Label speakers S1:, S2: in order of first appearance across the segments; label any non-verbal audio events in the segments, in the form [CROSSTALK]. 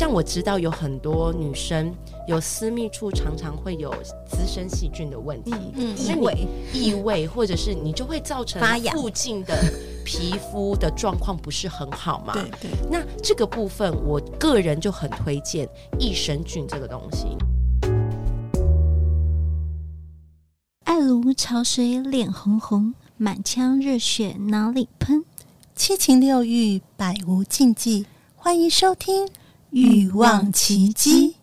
S1: 像我知道有很多女生有私密處，常常會有滋生細菌的問題，異、嗯、你味、異味，或者是你就會造成附近的皮膚的狀況不是很好嘛？對對發芽。 [LAUGHS] 那這個部分，我個人就很推薦益生菌這個東西。
S2: 愛如潮水，臉紅紅，滿腔熱血哪裡噴？七情六慾，百無禁忌。歡迎收聽。慾
S3: 望琦姬。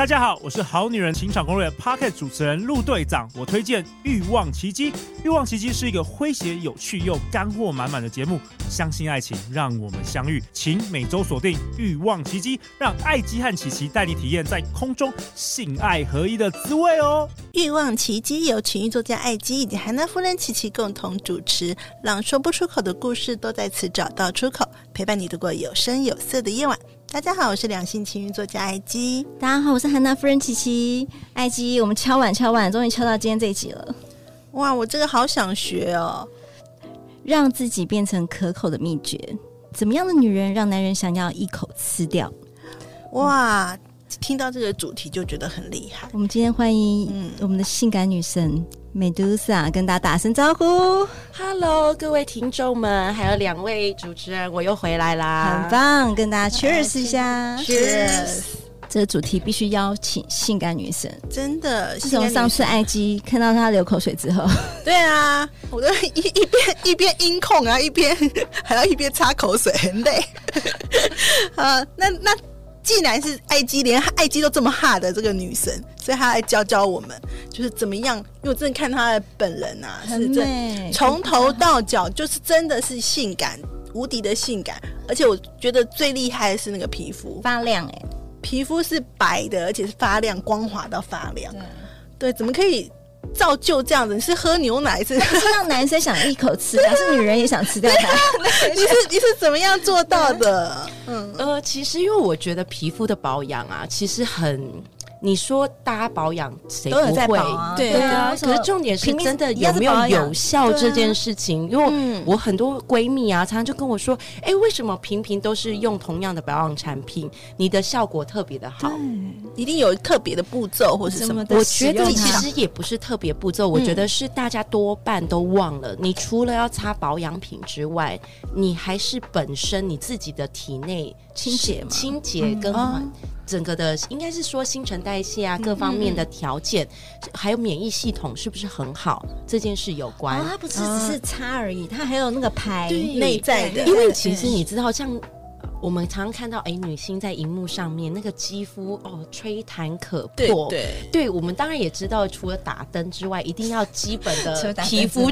S3: 大家好，我是好女人情場攻略 Podcast 主持人陸隊長。我推薦《慾望琦姬》。《慾望琦姬》是一個詼諧、有趣又乾貨滿滿的節目。相信愛情，讓我們相遇。請每周鎖定《慾望琦姬》，讓艾姬和琦琦帶你體驗在空中性愛合一的滋味哦。《慾望琦姬》由情欲作家艾姬以及涵娜夫人琦琦共同主持，讓說不出口的故事都在此找到出口，陪伴你度過有聲有色的夜晚。
S2: 大家好，我是兩性情慾作家艾姬。大家好，我是涵娜夫人琦琦。艾姬，我們敲碗敲碗，終於敲到今天這一集了。哇，我這個好想學哦！讓自己變成可口的秘訣，怎麼樣的女人讓男人想要一口吃掉？
S3: 哇，嗯、聽到這個主題就覺得很厲
S2: 害。我們今天歡迎我們的性感女神。美杜莎跟大家打聲招呼，Hello，各
S1: 位聽眾們，還有兩位主持人，我又回來啦，很棒，
S2: 跟大家 Cheers 一下，Cheers。這個主題必須邀請性感女神，
S1: 真的。
S2: 自從上次艾姬 [LAUGHS] 看到她流口水之後，
S3: 對啊，我都一一邊一邊音控啊，一邊還要一邊擦口水，很累。那 [LAUGHS] 那。那既然是艾姬，連艾姬都這麼哈的這個女神，所以她來教教我們，就是怎麼樣。因為我真的看她的本人啊，很美，是真的，從頭到腳就是真的是性感，無敵的性感。而且我覺得最厲害的是那個皮膚發亮、欸，誒，皮膚是白的，而且是發亮、光滑到發亮。對，對，怎麼可以？照舊這樣子，你是喝牛奶？是，是讓男生想一口吃掉，啊， [LAUGHS] 啊、還
S2: 是女人也想吃掉它？啊啊啊、你是你是怎麼樣做到的？嗯，
S1: 呃，其實因為我覺得皮膚的保養啊，其實很。你說大家保養誰不會？對對啊！可是重點是真的有沒有有效這件事情？因為我很多閨蜜啊，常常就跟我說：“哎，為什麼平平都是用同樣的保養產品，你的效果特別的好？一定有特別的步驟，或是什麼的。”我覺得其實也不是特別步驟，我覺得是大家多半都忘了，你除了要擦保養品之外，你還是本身你自己的體內清潔、清潔跟。整個的應該是說新陳代謝啊，各方面的條件，嗯、還有免疫系統是不是很好這件事有關。啊、它不是只是
S2: 擦而已，啊、它還有那個排內在的。因為其實你
S1: 知道對像。我們常常看到，哎，女星在熒幕上面那個肌膚哦，吹彈可破。對對，對。我們當然也知道，除了打燈之外，一定要基本的皮膚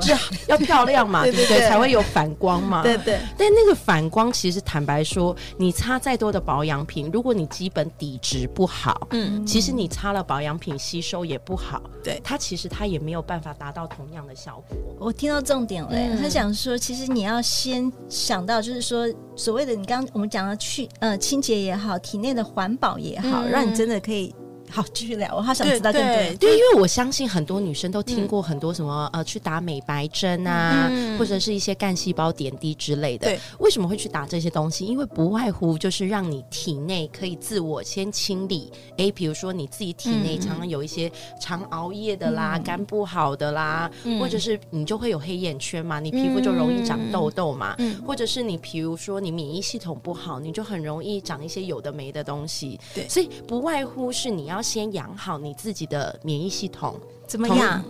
S1: 要漂亮嘛， [LAUGHS] 對不對，對，對？才會有反光嘛。對，對對。但那個反光，其實坦白說，你擦再多的保養品，如果你基本底質不好，嗯，其實你擦了保養品吸收也不好。對、嗯。它其實它也沒有辦法達到同樣的效果。對我聽到重點
S2: 了，嗯、他想說，其實你要先想到，就是說，所謂的你剛剛我們講。想要去呃，清潔也好，體內的環保也好，嗯，讓你真的可以。好，繼續聊，我好想知道對不對，因為
S1: 我相信很多女生都聽過很多什麼呃，去打美白針啊，或者是一些幹細胞點滴之類的。對，為什麼會去打這些東西？因為不外乎就是讓你體內可以自我先清理。哎，比如說你自己體內常常有一些常熬夜的啦，肝不好的啦，或者是你就會有黑眼圈嘛，你皮膚就容易長痘痘嘛，或者是你比如說你免疫系統不好，你就很容易長一些有的沒的東西。對，所以不外乎是你要。要先養好你自己的免疫系統，怎麼樣？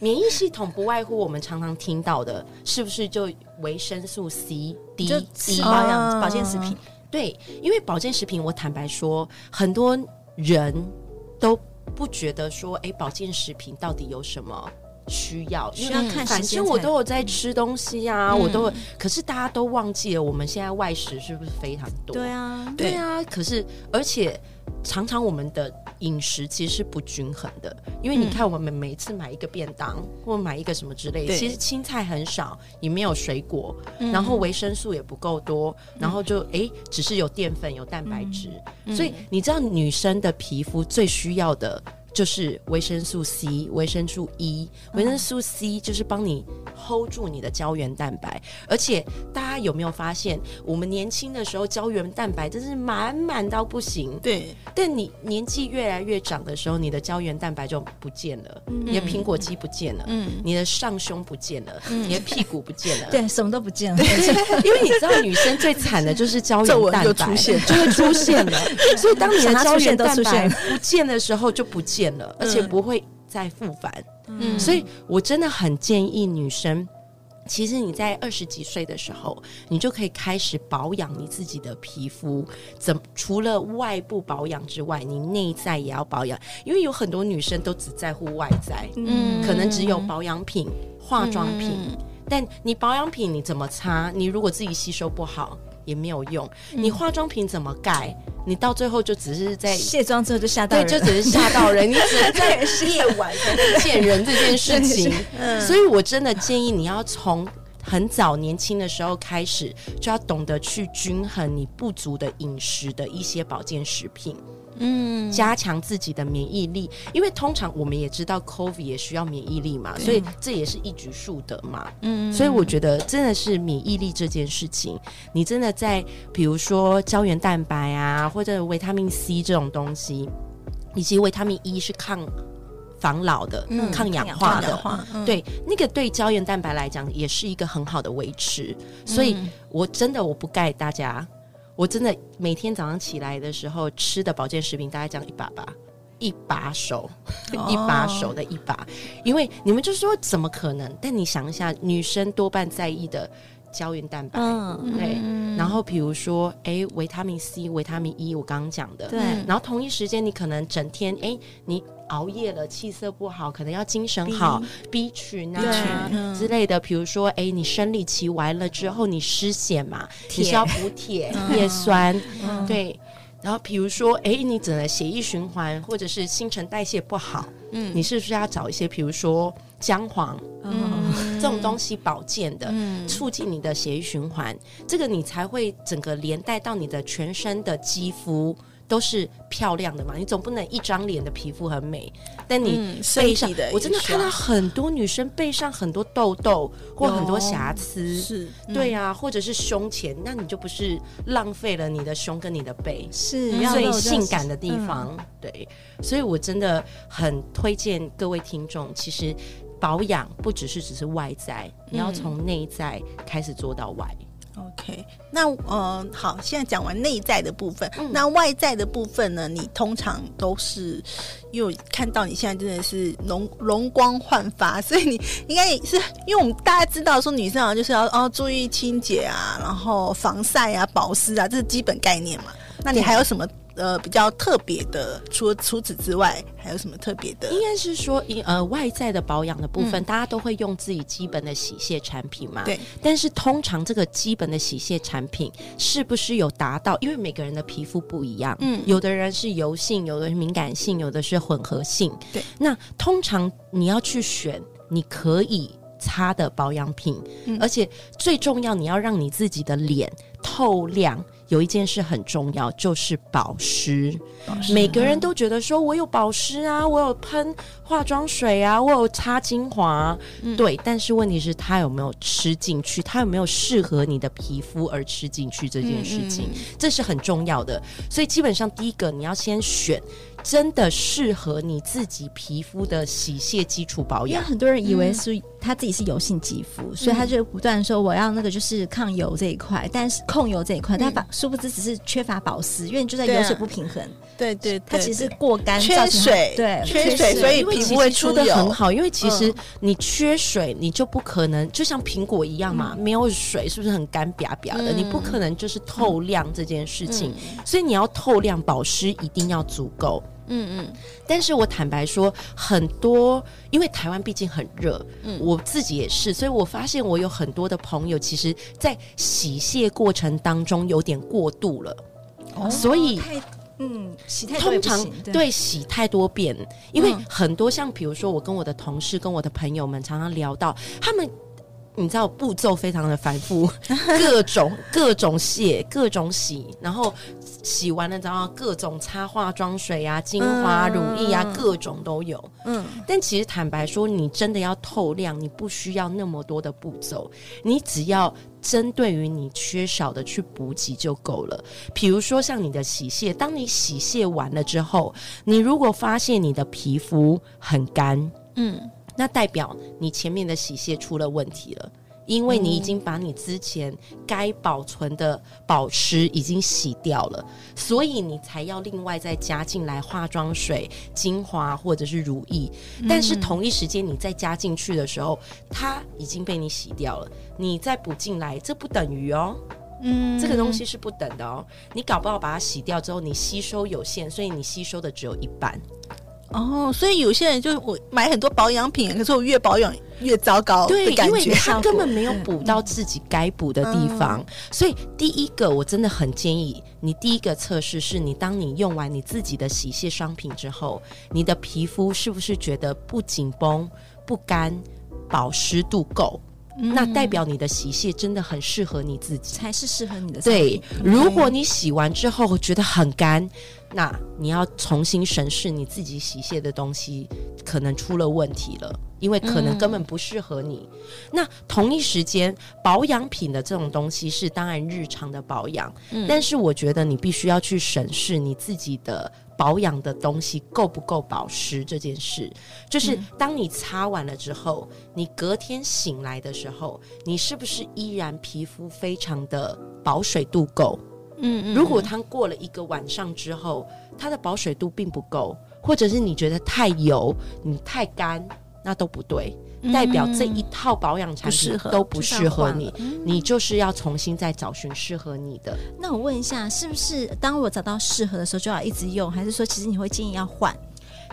S1: 免疫系統不外乎我們常常聽到的，是不是就維生素 C、D，、D、啊、D 保養保健食品？對，因為保健食品，我坦白說，很多人都不覺得說，哎、欸，保健食品到底有什麼需要是？因為要看，反正我都有在吃東西啊，嗯、我都。可是大家都忘記了，我們現在外食是不是非常多？對啊，對啊。對，可是，而且常常我們的。飲食其實是不均衡的，因為你看我們每一次買一個便當、嗯、或買一個什麼之類的，對其實青菜很少，也沒有水果，嗯、然後維生素也不夠多，然後就哎、嗯，只是有澱粉、有蛋白質。嗯、所以你知道，女生的皮膚最需要的就是維生素 C、維生素 E。嗯、維生素 C 就是幫你 hold 住你的膠原蛋白，而且大。大家有沒有發現，我們年輕的時候膠原蛋白真是滿滿到不行？對，但你年紀越來越長的時候，你的膠原蛋白就不見了，你的蘋果肌不見了，你的上胸不見了，你的屁股不見了，對，
S2: 什麼都不見了。因為你知道，
S1: 女生最慘的就是膠原蛋白就出現，就會出現了。
S2: 所以當你的膠原蛋白
S1: 不見的時候，就不見了，而且不會再復返。所以，我真的很建議女生。其實你在二十幾歲的時候，你就可以開始保養你自己的皮膚。怎除了外部保養之外，你內在也要保養，因為有很多女生都只在乎外在，嗯，可能只有保養品、化妝品。嗯、但你保養品你怎麼擦？你如果自己吸收不好也沒有用。你化妝品怎麼蓋？你到最後就只是在
S2: 卸妝之後就嚇到人，對，就
S1: 只是嚇到人， [LAUGHS] 你只是
S3: 在夜晚見人這件事情。嗯，所以，
S1: 我真的建議你要從很早年輕的時候開始，就要懂得去均衡你不足的飲食的一些保健食品。嗯，加強自己的免疫力，因為通常我們也知道 COVID 也需要免疫力嘛，嗯、所以這也是一舉數得嘛。嗯，所以我覺得真的是免疫力這件事情，嗯、你真的在比如說膠原蛋白啊，或者維他命 C 這種東西，以及維他命 E 是抗防老的、嗯、抗氧化的話，對，嗯、那個對膠原蛋白來講也是一個很好的維持。所以，我真的我不蓋大家。我真的每天早上起來的時候吃的保健食品，大概講一把吧，一把手，oh. [LAUGHS] 一把手的一把，因為你們就是說怎麼可能？但你想一下，女生多半在意的。膠原蛋白，嗯、對，嗯、然後比如說，哎，維他命 C、維他命 E，我剛剛講的，對。然後同一時間，你可能整天，哎，你熬夜了，氣色不好，可能要精神好，B、B 群啊之類的。比如說，哎，你生理期完了之後，你失血嘛，鐵，你是要補鐵、葉酸，嗯、對。然後比如說，哎，你整個血液循環或者是新陳代謝不好。你是不是要找一些，比如說薑黃，嗯、這種東西保健的，嗯、促進你的血液循環，這個你才會整個連帶到你的全身的肌膚。都是漂亮的嘛，你總不能一張臉的皮膚很美，但你背上的，我真的看到很多女生背上很多痘痘或很多瑕疵，是，對啊，或者是胸前，那你就不是浪費了你的胸跟你的背，是你最性感的地方。對，所以我真的很推薦各位聽眾，其實保養不只是只是外在，你要從內在開始做到外。
S3: OK，那嗯、呃，好，現在講完內在的部分，嗯、那外在的部分呢？你通常都是，因為我看到你現在真的是容容光煥發，所以你應該也是因為我們大家知道說，女生啊就是要哦注意清潔啊，然後防曬啊、保濕啊，這是基本概念嘛。那你還有什麼？呃，比較特別的，除除此之外，還有什麼特別的？應該是說，
S1: 一呃，外在的保養的部分，嗯、大家都會用自己基本的洗卸產品嘛。對。但是通常這個基本的洗卸產品是不是有達到？因為每個人的皮膚不一樣，嗯，有的人是油性，有的人敏感性，有的是混合性。對。那通常你要去選，你可以擦的保養品，嗯、而且最重要，你要讓你自己的臉透亮。嗯有一件事很重要，就是保濕。保濕。每個人都覺得說我有保濕啊，我有噴化妝水啊，我有擦精華、啊，嗯、對。但是問題是，它有沒有吃進去？它有沒有適合你的皮膚而吃進去這件事情，嗯嗯嗯，這是很重要的。所以基本上，第一個你要先選真的適合你自己皮膚的洗卸基礎保養。嗯、很多人以為是。他自己是油性肌膚，所以他就
S2: 不斷說我要那個就是抗油這一塊，但是控油這一塊，他殊不知只是缺乏保濕，因為就在油水不平衡。
S3: 對對，他其實是過乾缺水，對缺水，所以皮膚會出得很好。因為其實
S1: 你缺水，你就不可能就像蘋果一樣嘛，沒有水是不是很乾癟癟的？你不可能就是透亮這件事情。所以你要透亮，保濕一定要足夠。嗯嗯，但是我坦白說，很多因為台灣畢竟很熱，嗯，我自己也是，所以我發現我有很多的朋友，其實，在洗卸過程當中有點過度了，哦、所以，
S2: 嗯，洗太通常對洗
S1: 太多遍，對因為很多像比如說，我跟我的同事跟我的朋友們常常聊到他們。你知道步驟非常的繁複，各種 [LAUGHS] 各種卸，各種洗，然後洗完了之後，各種擦化妝水啊、精華、啊、嗯、乳液啊，各種都有。嗯，但其實坦白說，你真的要透亮，你不需要那麼多的步驟，你只要針對於你缺少的去補給就夠了。比如說像你的洗卸，當你洗卸完了之後，你如果發現你的皮膚很乾，嗯。那代表你前面的洗卸出了問題了，因為你已經把你之前該保存的保濕已經洗掉了，所以你才要另外再加進來化妝水、精華或者是乳液。但是同一時間你再加進去的時候，它已經被你洗掉了，你再補進來，這不等於哦，嗯，
S3: 這個東西
S1: 是不等的哦。你搞不好把它洗掉之後，你吸收有限，所以你吸收的只有一半。
S3: 哦，所以有些人就是我買很多保養品，可是我越保養越糟糕的感覺。對，因為他根本沒
S1: 有補到自己該補的地方。嗯嗯，所以第一個我真的很建議你，第一個測試是你當你用完你自己的洗卸商品之後，你的皮膚是不是覺得不緊繃、不乾、保濕度夠？
S2: 嗯、那代表
S1: 你的洗卸真的很適合你自己，
S2: 才是適合你的。對，Okay 如果
S1: 你洗完之後覺得很乾，那你要重新審視你自己洗卸的東西，可能出了問題了，因為可能根本不適合你。嗯、那同一時間，保養品的這種東西是當然日常的保養，嗯、但是我覺得你必須要去審視你自己的。保養的東西夠不夠保濕這件事，就是當你擦完了之後，你隔天醒來的時候，你是不是依然皮膚非常的保水度夠？嗯，嗯，嗯，如果它過了一個晚上之後，它的保水度並不夠，或者是你覺得太油，你太乾，那都不對。代表這一
S2: 套保養產品、嗯、不都不適合你，就
S1: 嗯、你就是要重新再找尋適合你的。
S2: 那我問一下，是不是當我找到適合的時候就要一直用，還是說其實你會建議要換？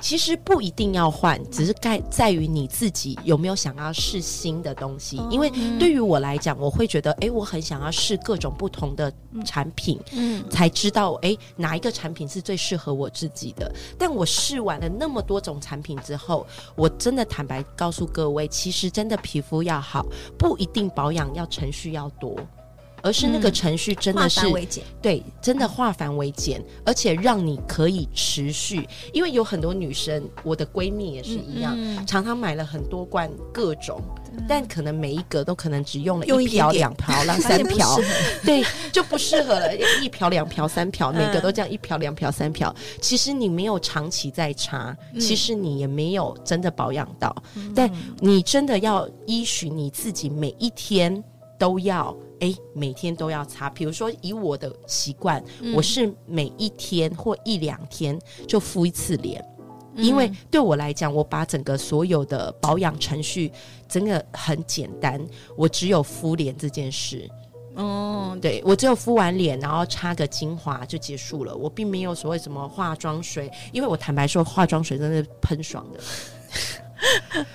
S1: 其實不一定要換，只是在在於你自己有沒有想要試新的東西。因為對於我來講，我會覺得，誒、欸，我很想要試各種不同的產品，嗯，嗯，才知道，誒、欸，哪一個產品是最適合我自己的。但我試完了那麼多種產品之後，我真的坦白告訴各位，其實真的皮膚要好，不一定保養要程序要多。而是那個程序真的是、嗯、對，真的化繁為簡，而且讓你可以持續。因為有很多女生，我的閨蜜也是一樣，嗯、常常買了很多罐各種，嗯、但可能每一個都可能只用了一瓢兩瓢，三瓢， [LAUGHS] 對，就不適合了。一瓢兩瓢三瓢，每個都這樣一瓢兩瓢三瓢。其實你沒有長期在擦，其實你也沒有真的保養到。但你真的要依循你自己，每一天都要。誒，每天都要擦。比如說，以我的習慣，嗯、我是每一天或一兩天就敷一次臉，
S2: 嗯、因為
S1: 對我來講，我把整個所有的保養程序真的很簡單，我只有敷臉這件事。哦、嗯，對，我只有敷完臉，然後擦個精華就結束了。我並沒有所謂什麼化妝水，因為我坦白說，化妝水真的噴爽的。 [LAUGHS]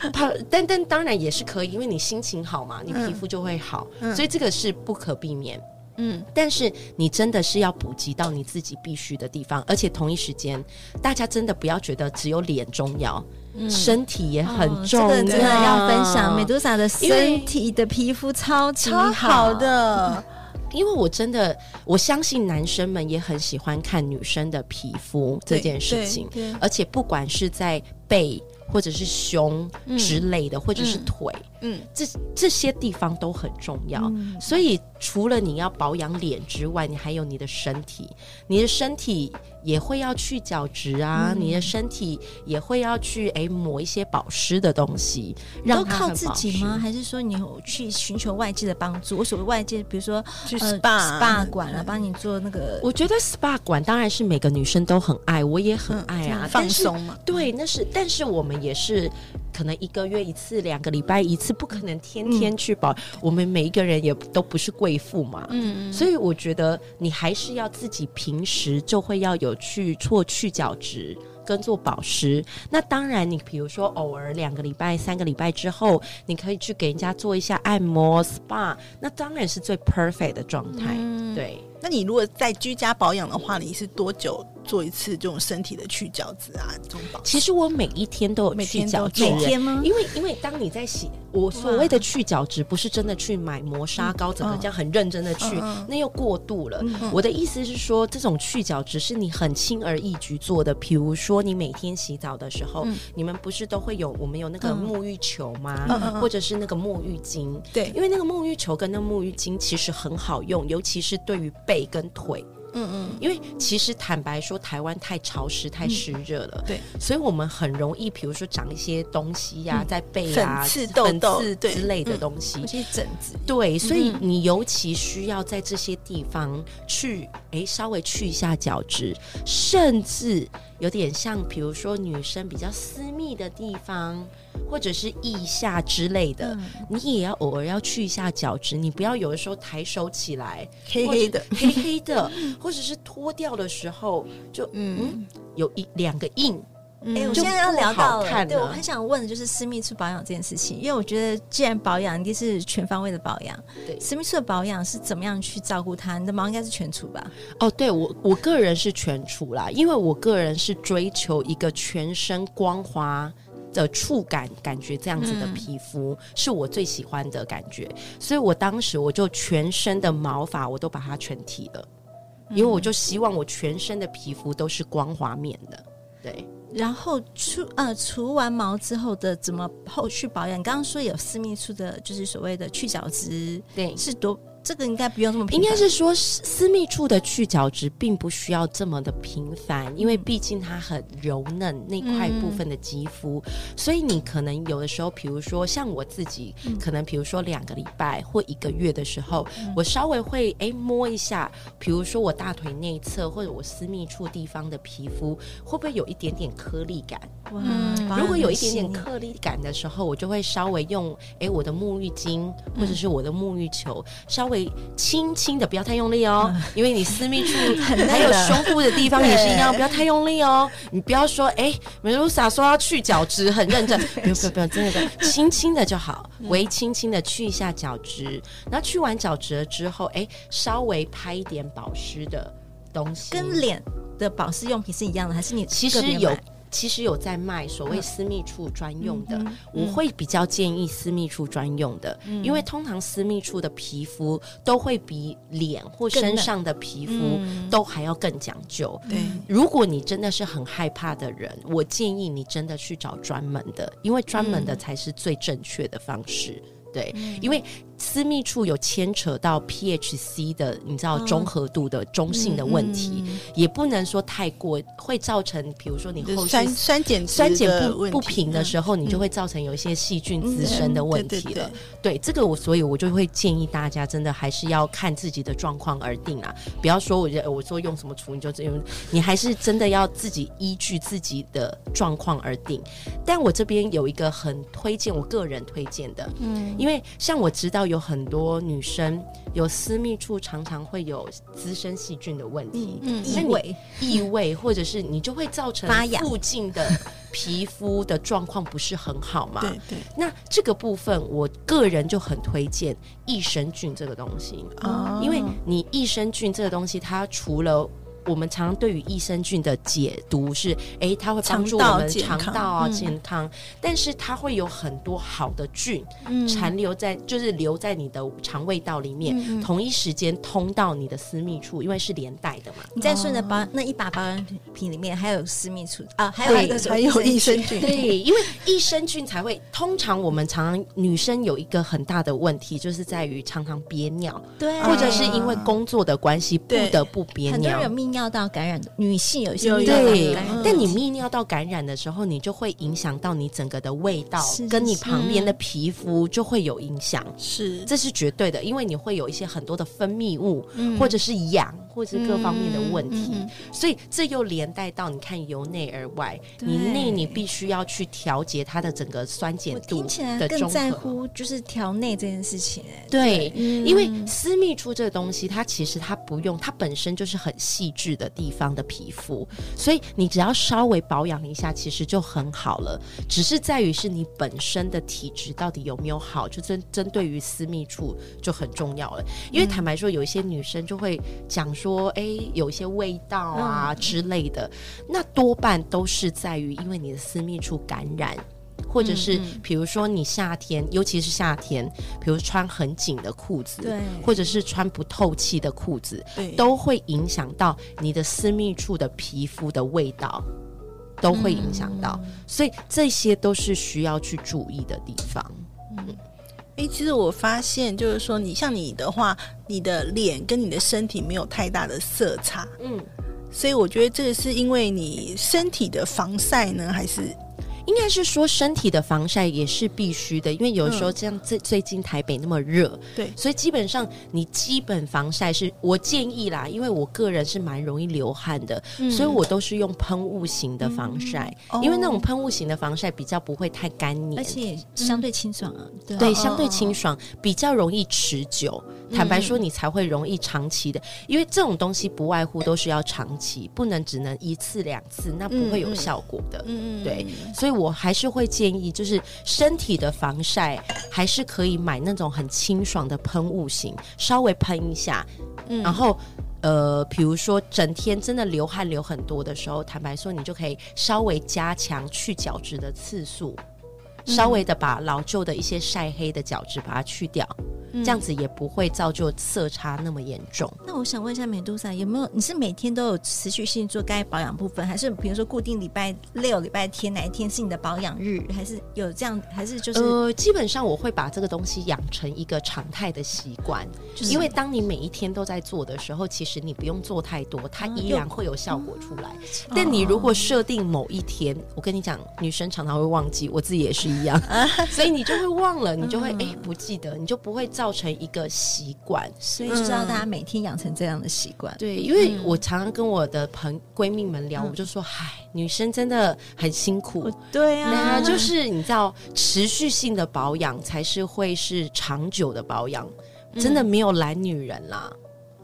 S1: [LAUGHS] 但但當然也是可以，因為你心情好嘛，你皮膚就會好，嗯、所以這個是不可避免。
S2: 嗯，
S1: 但是你真的是要補給到你自己必須的地方，而且同一時間，大家真的不要覺得只有臉重要，嗯、身體也很重要，要、嗯哦。真的,真的、啊、要分享。美杜莎的身
S2: 體的皮膚超級好超好的，
S1: [LAUGHS] 因為我真的我相信男生們也很喜歡看女生的皮膚這件事情，而且不管是在背。或者是胸之類的，嗯、或者是腿。嗯嗯，這這些地方都很重要，嗯、所以除了你要保養臉之外，你還有你的身體，你的身體也會要去角質啊，嗯、你的身體也會要去誒抹一些保濕的東西，
S2: 都靠自己嗎？還是說你有去尋求外界的幫助？我所謂外界，比如說去 SPA、呃、SPA 巴館啊，對幫你做那個，
S1: 我覺得 SPA 館當然是每個女生都很愛，我也很愛啊，嗯、放鬆嘛。
S2: 是對，那是但是我們也是。
S1: 可能一個月一次、兩個禮拜一次，不可能天天去保。嗯、我們每一個人也都不是貴婦嘛，嗯、所以我覺得你還是要自己平時就會要有去做去角質跟做保濕。那當然，你比如說偶爾兩個禮拜、三個禮拜之後，嗯、你可以去給人家做一下按摩 SPA，那當然是最 perfect 的狀態。嗯、對。那你如果在居家保養的話，你是多久做一次這種身體的去角質啊？這種保其實我每一天都有去角質，每天，去每天嗎？因為因為當你在洗，我所謂的去角質不是真的去買磨砂膏，怎麼、嗯、這樣很認真的去，嗯嗯、那又過度了。嗯嗯、我的意思是說，這種去角質是你很輕而易舉做的。比如說你每天洗澡的時候，嗯、你們不是都會有我們有那個沐浴球嗎？嗯嗯、或者是那個沐浴巾？對、嗯，嗯嗯、因為那個沐浴球跟那沐浴巾其實很好用，尤其是對於背。背跟腿，嗯嗯，因為其實坦白說，台灣太潮濕、太濕熱了、嗯，對，所以我們很容易，比如說長一些東西呀、啊，嗯、在背啊、粉刺痘痘、粉刺之類的東西，疹子、嗯，對，所以你尤其需要在這些地方去，嗯欸、稍微去一下角質，甚至。有點像，比如說女生比較私密的地方，或者是腋下之類的，嗯、你也要偶爾要去一下角質，你不要有的時候抬手起來，黑黑的，黑黑的， [LAUGHS] 或者是脫掉的時候
S2: 就 [LAUGHS] 嗯，有一兩個印。
S1: 哎、嗯欸，我現在要聊到了，啊、對我很
S2: 想問的就是私密處保養這件事情，嗯、因為我覺得既然保養一定是全方位的保養。對，私密處的保養是怎麼樣去照顧它？你的毛應該是全除吧？
S1: 哦，對，我我個人是全除啦，因為我個人是追求一個全身光滑的觸感感覺，這樣子的皮膚是我最喜歡的感覺，嗯、所以我當時我就全身的毛髮我都把它全剃了，嗯、因為我就希望我全身的皮膚都是光滑面的。對。
S2: 然後除呃除完毛之後的，怎麼後續保養？你剛剛說有私密處的，就是所謂的去角質，對，是多。這個應該不用那麼，應該是說
S1: 私密處的去角質並不需要這麼的頻繁，嗯、因為畢竟它很柔嫩那塊部分的肌膚，嗯、所以你可能有的時候，比如說像我自己，嗯、可能比如說兩個禮拜或一個月的時候，嗯、我稍微會哎摸一下，比如說我大腿內側或者我私密處地方的皮膚，會不會有一點點顆粒感？哇，如果有一點點顆粒感的時候，心我就會稍微用哎我的沐浴巾或者是我的沐浴球、嗯、稍微。會輕輕的，不要太用力哦，嗯、因為你私密處、嗯、還有胸部的地方、嗯、也是一樣，不要太用力哦。對你不要說，哎 Medusa 說要去角質，很認真， [LAUGHS] 不用不用不用，真的不用，輕輕的就好，微輕輕的去一下角質，嗯、然後去完角質之後，哎、欸，稍微拍一點保濕的東西，跟臉的保濕用品是一樣的，還是你其實有。其實有在賣所謂私密處專用的，嗯哼，我會比較建議私密處專用的，嗯、因為通常私密處的皮膚都會比臉或身上的皮膚都還要更講究。對，嗯、如果你真的是很害怕的人，我建議你真的去找專門的，因為專門的才是最正確的方式。嗯、對，因為。私密處有牽扯到 PHC 的，你知道中和度的中性的問題，也不能說太過，會造成比如說你後酸酸鹼酸鹼不不平的時候，你就會造成有一些細菌滋生的問題了。對這個我，所以我就會建議大家，真的還是要看自己的狀況而定啊，不要說我覺得我說用什麼除你就真用，你還是真的要自己依據自己的狀況而定。但我這邊有一個很推薦，我個人推薦的，嗯，因為像我知道有。有很多女生有私密處，常常會有滋生細菌的問題，嗯、那你、異味、異味，或者是你就會造成附近的皮膚的狀況不是很好嘛？對對。那這個部分，我個人就很推薦益生菌這個東西啊，因為你益生菌這個東西，哦嗯、東西它除了我們常常對於益生菌的解讀是，哎、欸，它會幫助我們腸道啊健康、嗯、健康，但是它會有很多好的菌，嗯，殘留在就是留在你的腸胃道裡面，嗯，同一時間通到你的私密處，因為是連帶的嘛。你在順着
S2: 包那一把保養品裡面還有私密處啊，啊還有還有益生菌，對，因為益生菌
S1: 才會。通常我們常常女生有一個很大的問題，就是在於常常憋尿，對、啊，或者是因為工作的關係不得不憋尿，
S2: 對尿泌道感染的女性有一些對，但你
S1: 泌尿道感染的時候，你就會影響到你整個的味道，跟你旁邊的皮膚就會有影響，是，這是絕對的，因為你會有一些很多的分泌物，或者是癢，或者各方面的問題，所以這又連帶到你看由內而外，你內你必須要去調節它的整個酸鹼度，我聽起來更在乎
S2: 就是調內這件事情欸，對，因為
S1: 私密處這個東西，它其實它不用，它本身就是很細緻。的地方的皮膚，所以你只要稍微保養一下，其實就很好了。只是在於是你本身的體質到底有沒有好，就針針對於私密處就很重要了。因為坦白說，有一些女生就會講說，誒、欸，有一些味道啊之類的，嗯、那多半都是在於因為你的私密處感染。或者是比如說你夏天，嗯嗯，尤其是夏天，比如穿很緊的褲子，對，或者是穿不透氣的褲子，對，都會影響到你的私密處的皮膚的味道，都會影響到，嗯嗯，所以這些都是需要去注意的地方。
S3: 嗯，哎、欸，其實我發現就是說你，你像你的話，你的臉跟你的身體沒有太大的色差，嗯，所以我覺得這個是因為你身體的防曬呢，還是？
S1: 應該是說身體的防曬也是必須的，因為有時候這樣最最近台北那麼熱，對、嗯，所以基本上你基本防曬是，我建議啦，因為我個人是蠻容易流汗的，嗯、所以我都是用噴霧型的防曬，嗯、因為那種噴霧型的防曬比較不會太乾膩，而
S2: 且相對清爽啊，對，對，相對清
S1: 爽，比較容易持久。嗯、坦白說，你才會容易長期的，嗯、因為這種東西不外乎都是要長期，不能只能一次兩次，那不會有效果的，嗯、對，所以。我還是會建議，就是身體的防曬還是可以買那種很清爽的噴霧型，稍微噴一下。
S2: 嗯，然後，
S1: 呃，比如說整天真的流汗流很多的時候，坦白說，你就可以稍微加強去角質的次數。稍微的把老舊的一些曬黑的角質把它去掉，嗯、
S2: 這樣子
S1: 也不會造就色差那麼嚴重。
S2: 那我想問一下美杜莎，有沒有你是每天都有持續性做該保養部分，還是比如說固定禮拜六、禮拜天哪一天是你的保養日，還是有這樣，還是就是？呃，
S1: 基本上我會把這個東西養成一個常態的習慣，就是、因為當你每一天都在做的時候，其實你不用做太多，它依然會有效果出來。嗯嗯、但你如果設定某一天，嗯、我跟你講，女生常常會忘記，我自己也是。一樣， [LAUGHS] 所以你就會忘了，你就會誒、嗯欸、不記得，你就不會造成一個習慣。
S2: 所以，嗯、就知道大家每天養
S1: 成這樣的習慣，對，因為我常常跟我的朋閨蜜們聊，嗯、我就說，唉，女生真的很辛苦，哦、
S2: 對啊，就是
S1: 你知道持續性的保養，才是會是長久的保養，真的沒有懶女人啦，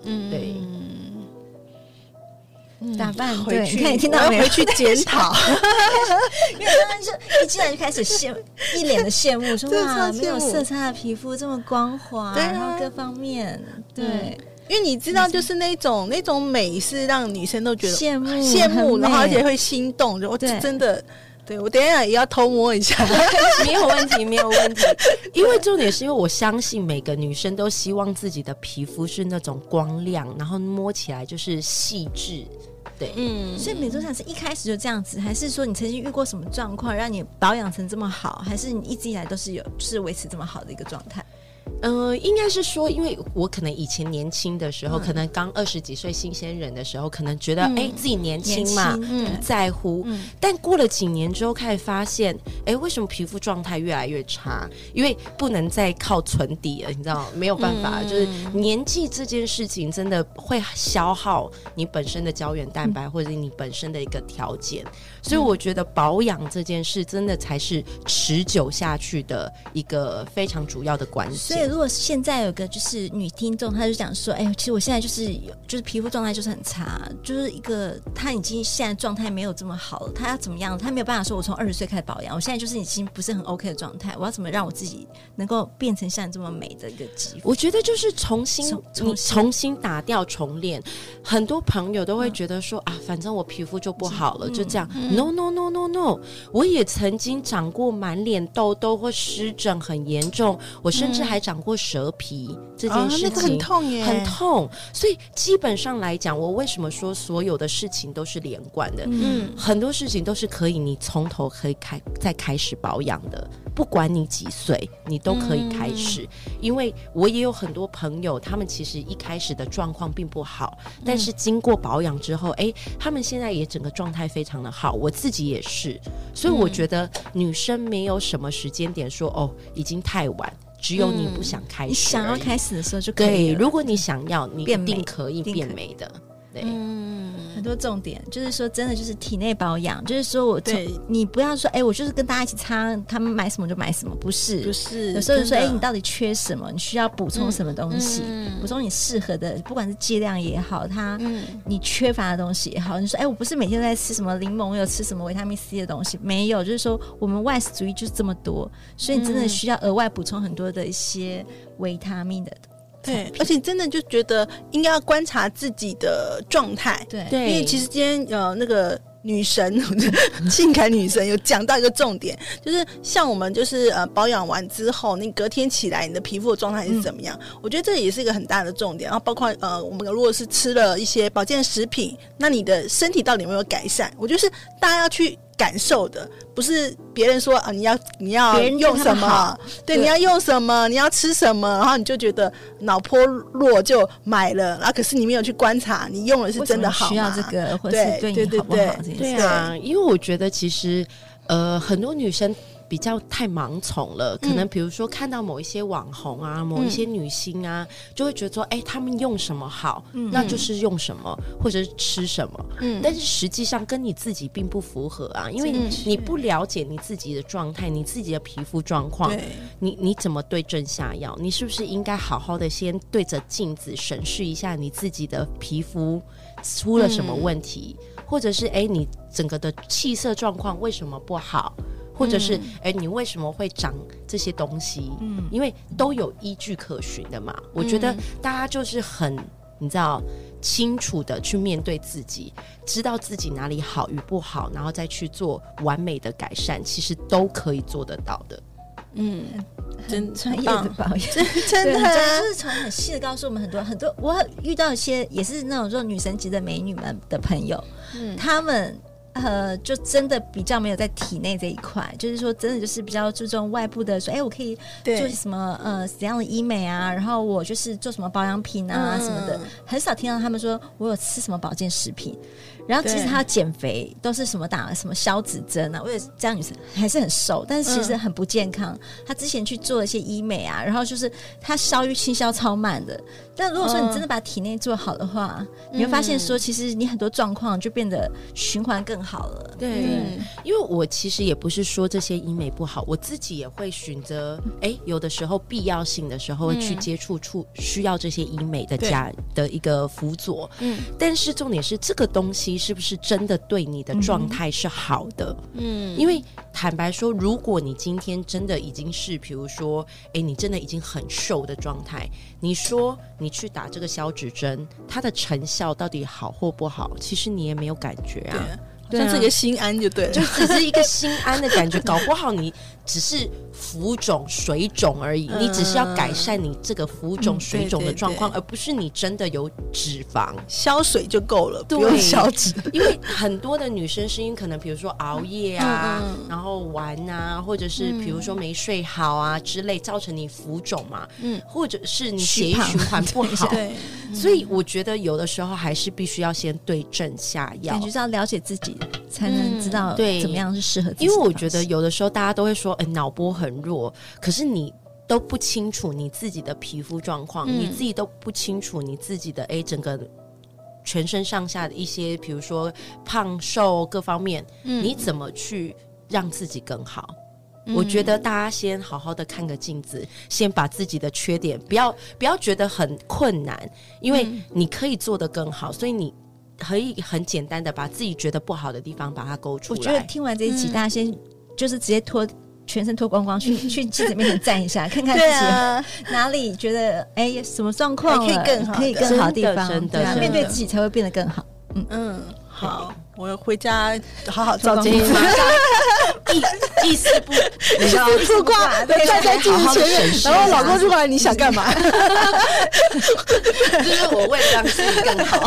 S1: 嗯，
S2: 對。嗯打扮回去，看你聽到沒？回去
S1: 檢討，因
S2: 為他們就一進來就開始羨，一臉的羨慕，說哇，這種色差的皮膚這麼光滑，然後各方面對，
S3: 因為你知道，就是那種那種美，是讓女生都覺得羨慕，羨慕，然後而且會心動。我真的，對我等一下也要偷摸一下，沒
S1: 有問題，沒有問題。因為重點是因為我相信每個女生都希望自己的皮膚是那種光亮，然後摸起來就是細緻。對，嗯，
S2: 所以 Medusa 是一開始就這樣子，還是說你曾經遇過什麼狀況讓你保養成這麼好，還是你一直以來都是有，就是維持這麼好的一個狀態？
S1: 呃，應該是說，因為我可能以前年輕的時候，嗯、可能剛二十幾歲新鮮人的時候，可能覺得哎、嗯欸、自己年輕嘛，嘛對不在乎。嗯、但過了幾年之後，開始發現，哎、欸，為什麼皮膚狀態越來越差？因為不能再靠存底了，你知道，沒有辦法，嗯、就是年紀這件事情真的會消耗你本身的膠原蛋白，嗯、或者是你本身的一個條件。所以我覺得保養這件事真的才是持久下去的一個非常主要的關係。
S2: 如果現在有個就是女聽眾，她就講說：“哎、欸，其實我現在就是有就是皮膚狀態就是很差，就是一個她已經現在狀態沒有這麼好了。她要怎麼樣？她沒有辦法說，我從二十歲開始保養，我現在就是已經不是很 OK 的狀態。我要怎麼讓我自己能夠變成像在這麼美的一個肌？我覺得就是重新
S1: 重新重新打掉重練。很多朋友都會覺得說、嗯、啊，反正我皮膚就不好了，就這樣。嗯嗯、no, no no no no no，我也曾經長過滿臉痘痘或濕疹很嚴重，嗯、我甚至還。長過蛇皮這件事情、哦那個、很痛很痛。所以基本上來講，我為什麼說所有的事情都是連貫的？嗯，很多事情都是可以，你從頭可以開再開始保養的。不管你幾歲，你都可以開始。嗯、因為我也有很多朋友，他們其實一開始的狀況並不好，但是經過保養之後，嗯、誒，他們現在也整個狀態非常的好。我自己也是，所以我覺得女生沒有什麼時間點說哦，已經太晚。只有你不想開始。嗯，你想要開始
S2: 的時候就可以。對，如
S1: 果你想要，你一定可以變美，變美的。
S2: 對嗯，很多重點就是說，真的就是體內保養，就是說我對你不要說，哎，我就是跟大家一起擦，他們買什麼就買什麼，不是，不是。有時候就說，哎的，你到底缺什麼？你需要補充什麼東西？嗯嗯、補充你適合的，不管是劑量也好，它、嗯、你缺乏的東西也好。你說，哎，我不是每天在吃什麼檸檬，我有吃什麼維他命 C 的東西？沒有，就是說我們外食主義就是這麼多，所以你真的需要額外補充很多的一些維他命的東西。
S3: 對，而且真的就覺得應該要觀察自己的狀態，對，因為其實今天呃那個女神， [LAUGHS] 性感女神有講到一個重點，就是像我們就是呃保養完之後，你隔天起來你的皮膚的狀態是怎麼樣？嗯，我覺得這也是一個很大的重點，然後包括呃我們如果是吃了一些保健食品，那你的身體到底有沒有改善？我就是大家要去。感受，的不是別人說啊，你要你要用什麼？對，你要用什麼？你要吃什麼？然後你就覺得腦波弱就買了，然後可是你沒有去觀察，你用了是真的好嗎？需要這個，對對對對對啊！
S1: 因為我覺得其實呃，很多女生。比較太盲從了，可能比如說看到某一些網紅啊，嗯、某一些女星啊，就會覺得說，哎、欸，他們用什麼好，嗯、那就是用什麼或者是吃什麼，嗯，但是實際上跟你自己並不符合啊，因為你不了解你自己的狀態，去你自己的皮膚狀況，對你你怎麼對症下藥？你是不是應該好好的先對着鏡子審視一下你自己的皮膚出了什麼問題，嗯、或者是哎、欸，你整個的氣色狀況為什麼不好？或者是哎、嗯欸，你為什麼會長這些東西？嗯，因為都有依據可循的嘛。嗯、我覺得大家就是很，你知道清楚的去面對自己，知道自己哪裡好與不好，然後再去做完美的改善，其實都可以做得到的。嗯，
S2: 真專業的保養，很很 [MUSIC] [LAUGHS] 真的、啊， [LAUGHS] [MUSIC] 就是從很細的告訴我們很多很多。我遇到一些也是那種說女神級的美女們的朋友，嗯，他們。呃，就真的比較沒有在體內這一塊，就是說真的就是比較注重外部的說，說、欸、哎，我可以做什麼對呃怎樣的醫美啊，然後我就是做什麼保養品啊、嗯、什麼的，很少聽到他們說我有吃什麼保健食品。
S1: 然後其實他減
S2: 肥都是什麼打什麼消脂針啊，對我也是這樣女生還是很瘦，但是其實很不健康。嗯、他之前去做了一些醫美啊，然後就是他瘀青消超慢的。但如果說你真的把體內做好的話，嗯、你會發現說其實你很多狀況就變得循環更好。好了，
S1: 對，嗯、因為我其實也不是說這些醫美不好，我自己也會選擇，哎，有的時候必要性的時候、嗯、去接觸，處需要這些醫美的加對的一個輔佐。嗯，但是重點是這個東西是不是真的對你的狀態是好的？嗯，因為坦白說，如果你今天真的已經是，比如說，哎，你真的已經很瘦的狀態，你說你去打這個消脂針，它的成效到底好或不好？其實你也沒有感覺啊。
S3: 就、啊、一個心
S1: 安就對了，就只是一個心安的感覺， [LAUGHS] 搞不好你。只是浮腫、水腫而已，你只是要改善你這個浮腫、水腫的狀況，而不是你真的有脂肪，消水就夠了，不用消脂。因為很多的女生是因為可能，比如說熬夜啊，然後玩啊，或者是比如說沒睡好啊之類，造成你浮腫嘛，嗯，
S2: 或者是你血液循環
S1: 不好，對。所以我覺得有的時候還是必須要先對症下藥，你就
S2: 是要了解自己才能知道對怎麼樣是適合自己。因為我覺得
S1: 有的時候大家都會說。呃、腦波很弱，可是你都不清楚你自己的皮膚狀況，嗯、你自己都不清楚你自己的，誒、欸，整個全身上下的一些，比如說胖瘦各方面，嗯、你怎麼去讓自己更好？
S2: 嗯、我覺得
S1: 大家先好好的看個鏡子，先把自己的缺點不要，不要覺得很困難，因為你可以做得更好，所以你可以很簡單的把自己覺得不好的地方把它勾出來。我覺得聽完這一集，大家
S2: 先、嗯、就是直接脫，全身脫光光去，去鏡子面前站一下，看看自己哪裡覺得哎，什麼狀況可以更好，可以更好的地方。對啊，面對自己才會變得更好。嗯嗯，好，我要回家好好照鏡子，
S3: 一一絲不，
S2: 一絲不掛，站在鏡子前面，然後老公就過來，你
S3: 想幹嘛？就是我為了讓自己更好。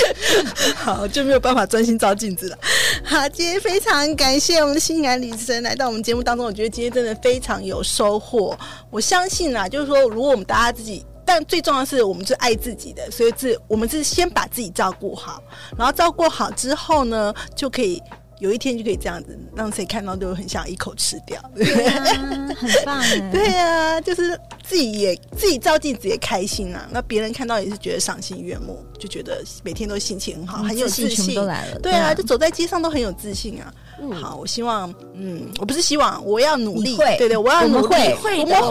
S3: [LAUGHS] 好，就沒有辦法專心照鏡子了。好，今天非常感謝我們的性感女神來到我們節目當中，我覺得今天真的非常有收穫。我相信啊，就是說，如果我們大家自己，但最重要的是，我們是愛自己的，所以是我們是先把自己照顧好，然後照顧好之後呢，就可以。有一天就可以這樣子，讓誰看到都很想一口吃掉，很棒欸，對啊，就是自己也自己照鏡子也開心啊，那別人看到也是覺得賞心悅目，就覺得每天都心情很好，很有自信，都來了，對啊，就走在街上都很有自信啊。嗯，好，我希望，嗯，我不是希望，我要努力，對對，我要努力，我們會，我們會，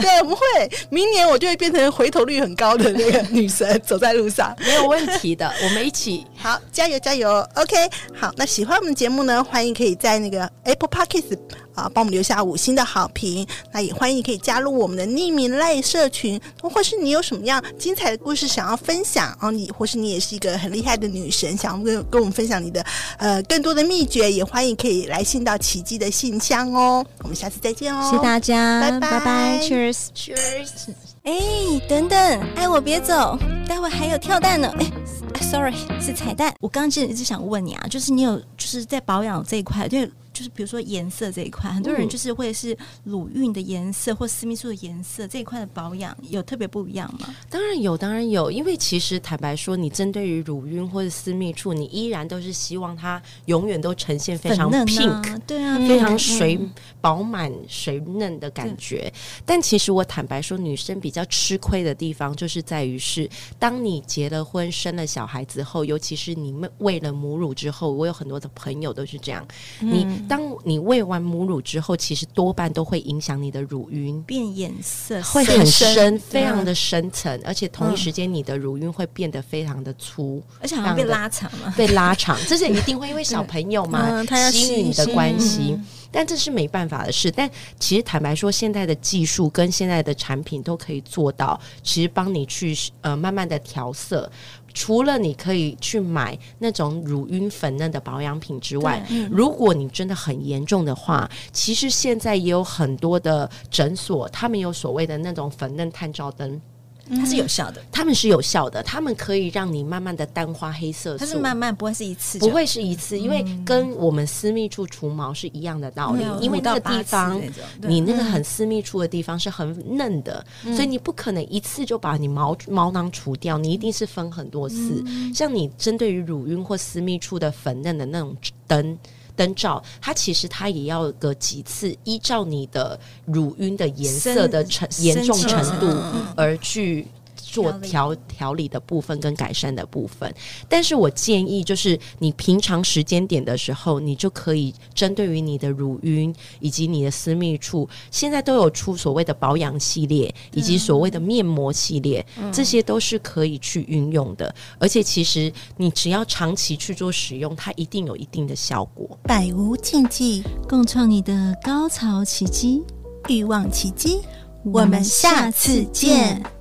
S3: 對，我們會，明年我就會變成回頭率很高的那個女神，走在路上沒有問題的。我們一起，好，加油加油，OK，好，那行。喜歡我們的節目呢，歡迎可以在那個 Apple Podcast、呃、啊，幫我們留下五星的好評。那也歡迎可以加入我們的匿名類社群，或是你有什麼樣精彩的故事想要分享啊、哦？你或是你也是一個很厲害的女神，想要跟跟我們分享你的呃更多的秘訣，也歡迎可以來信到琦姬的信箱哦。
S2: 我們下次再見哦，謝謝大家，拜拜拜，Cheers，Cheers。哎、欸，等等！愛我別走，待會還有跳蛋呢。哎、欸、啊，sorry，是彩蛋。我剛剛其實一直想問你啊，就是你有就是在保養這一塊，對。就是比如說顏色這一塊，嗯、很多人就是會是乳暈的顏色或私密處的顏色這一塊的保養有特別不一樣嗎？
S1: 當然有，當然有，因為其實坦白說，你針對於乳暈或者私密處，你依然都是希望它永遠都呈現非常 pink，粉嫩啊，對啊，非常水飽滿水嫩的感覺。嗯嗯、但其實我坦白說，女生比較吃虧的地方就是在於是，當你結了婚、生了小孩之後，尤其是你們餵了母乳之後，我有很多的朋友都是這樣，你。嗯當你餵完母乳之後，其實多半都會影響你的乳暈
S2: 變顏色，色，會很深，深非常的
S1: 深層，嗯、而且同一時間，你的乳暈會變得非常的粗，而且還會被拉長嘛，被拉長，這是一定會，因為小朋友嘛， [LAUGHS] 嗯、他要吸吮的關係，嗯、但這是沒辦法的事。但其實坦白說，現在的技術跟現在的產品都可以做到，其實幫你去呃慢慢的調色。除了你可以去買那種乳暈粉嫩的保養品之外，對如果你真的很嚴重的話，其實現在也有很多的診所，他們有所謂的那種粉嫩探照燈。它是有效的，嗯、他們是有效的，他們可以讓你慢慢的淡化黑色素。但是慢
S2: 慢不會是一次的，不會是一次，嗯、因為跟
S1: 我們私密處除毛是一樣的道理。嗯、因為這個地方，嗯、你那個很私密處的地方是很嫩的，嗯、所以你不可能一次就把你毛毛囊除掉，你一定是分很多次。嗯、像你針對於乳暈或私密處的粉嫩的那種燈。燈照，它其實它也要個幾次，依照你的乳暈的顏色的程深嚴重程度而去。做調調理的部分跟改善的部分，但是我建議就是你平常時間點的時候，你就可以針對於你的乳暈以及你的私密處，現在都有出所謂的保養系列以及所謂的面膜系列，嗯嗯嗯，這些都是可以去運用的。而且其實你只要長期去做使用，它一定有一定的效果。
S2: 百無禁忌，共創你的高潮奇蹟、慾望奇蹟。我們下次見。